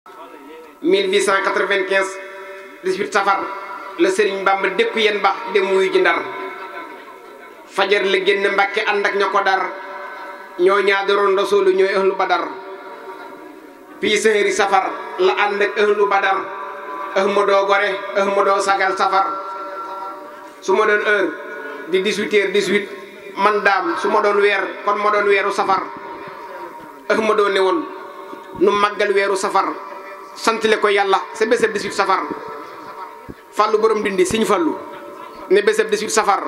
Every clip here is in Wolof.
1895 18 safar la Serigne Bamba dëkku yéen bax dem wuyu ji fajar la génn Mbàkke ànd ak ña ko dar ñoo ñaadaroon rasoolu ñooy ahlu badar pi sëhëri safar la ànd ak ahlu badar ahmadoo eh gore ahmadoo eh sagal safar su ma heure di 18 heures 18 man daam su ma doon kon ma safar ahmadoo eh ne woon nu màggal weeru safar santale ko yàlla sa de suite safar fallu borom dindi seigne fallu ne de suite safar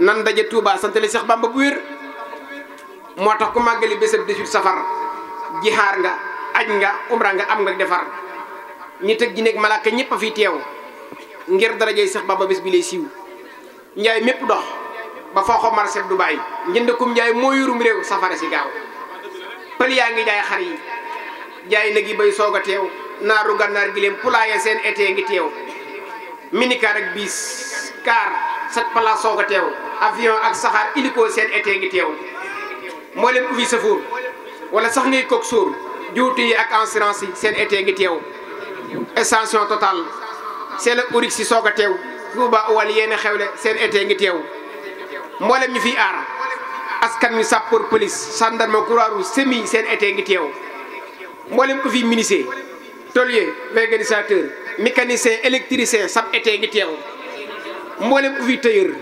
nan daje Touba santale Cheikh Bamba bu wér moo tax ku màggali bésab safar jihar nga aj nga umra nga am nga defar ñi tegg ji malaka ñepp fi tew ngir jey Cheikh Bamba bes bi lay siw ñay mepp dox ba foo marché dubai bàyyi kum ñay moo rew safara ci gaaw pel ngi jaay jaay nag yi bay soog a teew naaru gànnaar gi leen pulaaye seen été ngi teew minicar ak biis car sat palaas soog a teew avion ak saxaar iliko seen été ngi teew moo leen ubbi safour wala sax ni kook suur ak assurance yi seen été ngi teew extension totale seen ak urix si soog a teew Touba wala yéen a xewle seen été ngi teew mboolem mi fi aar askan wi sapeur police gendarme Croix-Rouge semi seen été ngi teew mboolem ko fi menuisier tôlier organisateur mécanicien électricien sab été ngi teew mboolem ko fi tailleur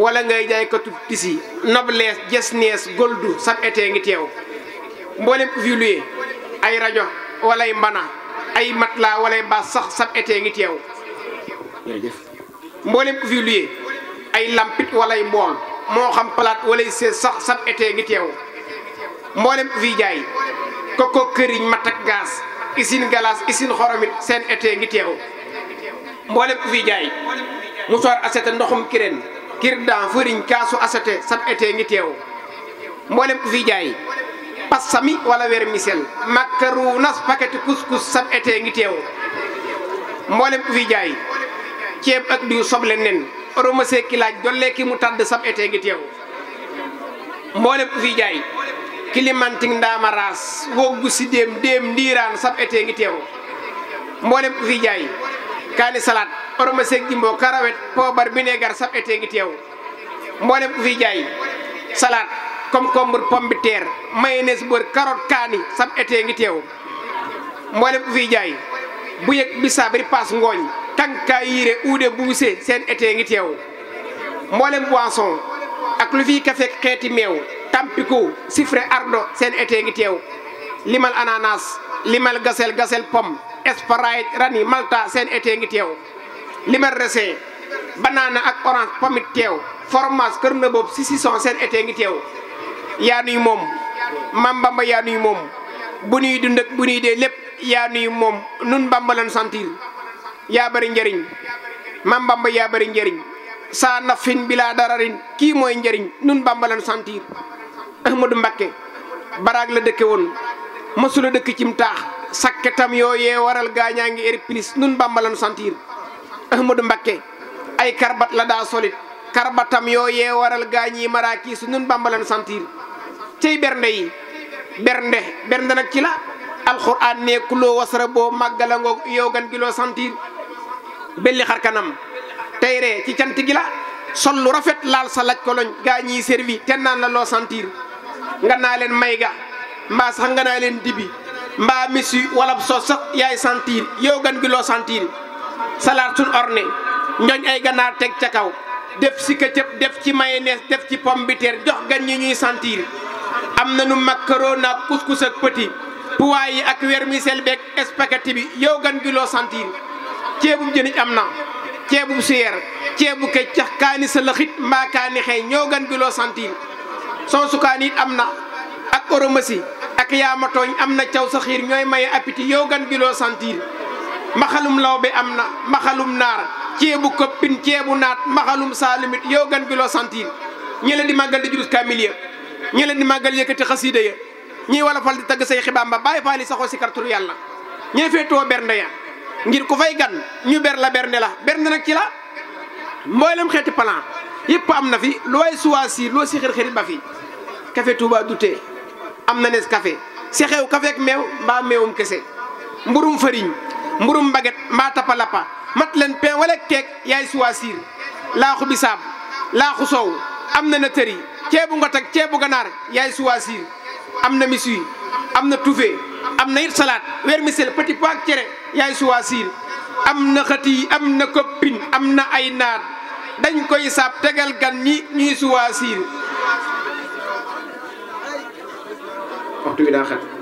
wala ngay jaay katu tisi noblesse jesnees goldu sab été ngi teew mboolem ko fi luye ay rajo walay mbana ay matelas walay baas sax sab été ngi teew jërëjëf mboolem ko fi luye ay lampit walay mbool moo xam palaat walay sees sax sab été ngi teew mboolem ko fi jaay koko këriñ matt ak gaz usine galas usine xoromit seen été ngi teew mboolem u fi jaay musoor aseté ndoxum kireen kirdan fëriñ kaasu aseté sab été ngi teew mboolem ku fi jaay passami wala vermicelle macaronas paquet couscous sab été ngi teew mboolem ku fi jaay ceeb ak diw soble nen oromase ki laaj dollee ki mu tàdd sab été ngi teew mboolem ku fi jaay kilimanting ndaama raas woggu si déem déem ndiiraan sab été ngi teew mboolem ku fi jaay kaani salaat oroma seeg karawet poobar bineegar sab été ngi teew mboolem ku fi jaay salaat concombre pomme de terre mayonnaise beurre carotte kaani sab été ngi teew mboolem ku fi jaay bu yëg bisaab ripaas ngooñ tànkaay yiire uude buuse seen été ngi teew mboolem boisson ak lu fi kafeek xeeti meew tampiku sifre ardo sen ete ngi tew limal ananas limal gasel gasel pom sprite rani malta sen ete ngi tew limal banana ak orange pomit tew formas kerne bob sisi si sison seen été ngi tew yaa nuy mam bamba yaa nuy dund ak bu nuy nun bamba lan sentir ya bari njariñ mam bamba ya bari njariñ sa nafin bila dararin ki moy njariñ nun bamba lan sentir Ahmadou Mbakke baraag la dëkke woon mësula dëkk cim taax sakketam yooyee waral gaañaa ngi erplis nun Bàmba lañu sentir Ahmadou Mbakke ay karbat la daa solit karbatam yee waral gaañi maraakiis nun Bàmba lañu sentir cey bernde yi bernde bernde nag ci la alxuraan ne kuloo wasara boo màggala ngoog yow gan gi loo sentir belli xar kanam tey ree ci cant gi la sol lu rafet laal sa laj ko loñ gaañi servi te naan la loo sentir nga naa leen mayga mbaa sax nga naa leen dibi mbaa mis wala sos sax yaay sentir yow gan gi loo sentir salaat sun orne ñooñ ay ganaar teg ca kaw def si këccëb def ci mayonnaise def ci pomme de jox gan ñi ñuy sentir am na nu macaroni ak couscous ak petit pois yi ak vermicelle beeg spaghetti bi yow gan gi loo sentir ceebum am na ceebum suyeer ceebu keccax kaani sa laxit mbaa kaani xëy ñoo gan gi loo son sukani amna ak oromasi ak yaama tooñ am na sa xir ñoy may amna yow gan gi lo sentir maxalum lawbe amna makhalum nar ciebu ceebu koppin ceebu naat maxalum saalumit yow gan gi lo sentir ñele di magal di jurus kamilia ñele di magal yekati khasida ya ñi wala fal di ya, tag say xibam ba bàyyi faali saxoo si kartu yàlla ñee feetoo bernde ya ngir ku fay gan ñu ber la bernde la bernde nak ci la xeti plan yëpp am na fi looy suwaasi loo si xër-xëri ba fi café Touba Douté am na nes café si xew café ak meew mbaa meewum kese mburum fariñ mburum baguette mbaa tapalapa mat leen pain wala keek yaay suwaasiir laaxu bisaab laaxu soow am na na tëri ceebu ngot ak ceebu ganaar yaay suwaasiir am na misuy am na tufe am na it salade vermicelle petit pois ak cere yaay suwaasiir am na xëti am na copine am na ay naat dañ koy sab tegal gan ñi ñuy suwaa siin waxtu